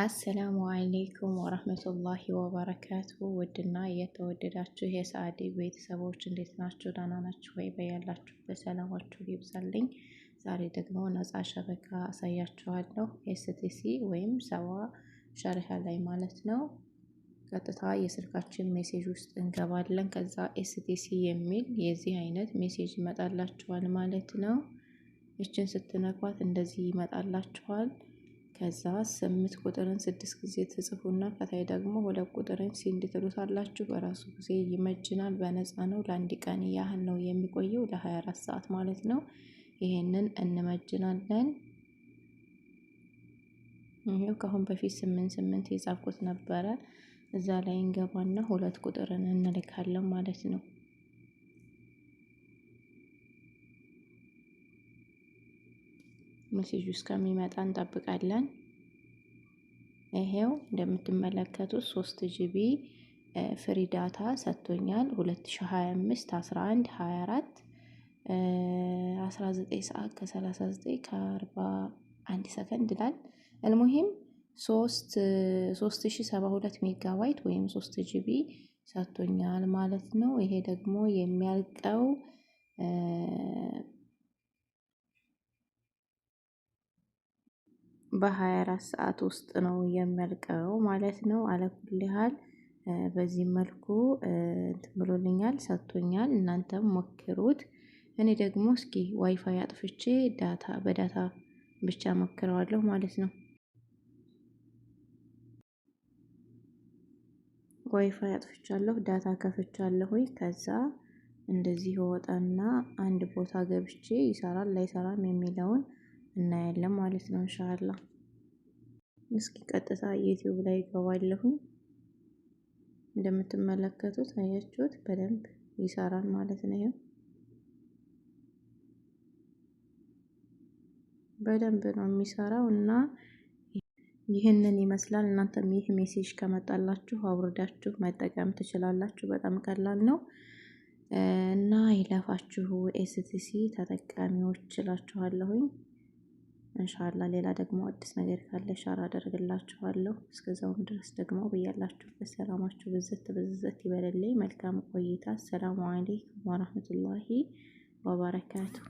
አሰላሙ አሌይኩም ወረህመቱላሂ ወበረካቱ። ውድና የተወደዳችሁ የሰአዲ ቤተሰቦች እንዴት ናችሁ? ደህና ናችሁ ወይ? በያላችሁበት ሰላማችሁ ይብዛልኝ። ዛሬ ደግሞ ነፃ ሸበካ አሳያችኋለሁ። ኤስቲሲ ወይም ሰባ ሸሪሃ ላይ ማለት ነው። ቀጥታ የስልካችን ሜሴጅ ውስጥ እንገባለን። ከዛ ኤስቲሲ የሚል የዚህ አይነት ሜሴጅ ይመጣላችኋል ማለት ነው። ይችን ስትነኳት እንደዚህ ይመጣላችኋል። ከዛ ስምንት ቁጥርን ስድስት ጊዜ ትጽፉና ከታይ ደግሞ ሁለት ቁጥርን ሲንድ ትሉታላችሁ። በራሱ ጊዜ ይመጅናል። በነፃ ነው። ለአንድ ቀን ያህል ነው የሚቆየው፣ ለ24 ሰዓት ማለት ነው። ይሄንን እንመጅናለን። ይኸው ከአሁን በፊት ስምንት ስምንት የጻፍኩት ነበረ። እዛ ላይ እንገባና ሁለት ቁጥርን እንልካለን ማለት ነው። ሜሴጁ እስከሚመጣ እንጠብቃለን። ይሄው እንደምትመለከቱት ሶስት ጂቢ ፍሪ ዳታ ሰጥቶኛል። 2025 11 24 19 ሰዓት ከ39 ከ41 ሰከንድ ይላል። አልሙሂም 3072 ሜጋባይት ወይም 3 ጂቢ ሰጥቶኛል ማለት ነው። ይሄ ደግሞ የሚያልቀው በ24 ሰዓት ውስጥ ነው የሚያልቀው ማለት ነው። አለኩል አለኩልሃል በዚህ መልኩ እንትን ብሎልኛል ሰጥቶኛል። እናንተም ሞክሩት። እኔ ደግሞ እስኪ ዋይፋይ አጥፍቼ ዳታ በዳታ ብቻ ሞክረዋለሁ ማለት ነው። ዋይፋይ አጥፍቻለሁ ዳታ ከፍቻለሁኝ። ከዛ እንደዚህ ወጣና አንድ ቦታ ገብቼ ይሰራል ላይሰራም የሚለውን እናያለን ማለት ነው እንሻላ። እስኪ ቀጥታ ዩቲዩብ ላይ ይገባለሁኝ። እንደምትመለከቱት አያችሁት፣ በደንብ ይሰራል ማለት ነው። ይሄ በደንብ ነው የሚሰራው እና ይህንን ይመስላል። እናንተም ይህ ሜሴጅ ከመጣላችሁ አውርዳችሁ መጠቀም ትችላላችሁ። በጣም ቀላል ነው እና ይለፋችሁ። ኤስቲሲ ተጠቃሚዎች እላችኋለሁኝ። እንሻላ ሌላ ደግሞ አዲስ ነገር ካለ ሻር አደርግላችኋለሁ። እስከዛውም ድረስ ደግሞ ብያላችሁበት ሰላማችሁ ብዝት ብዝት ይበልልኝ። መልካም ቆይታ። አሰላሙ አለይኩም ወረህመቱላሂ ወበረካቱሁ።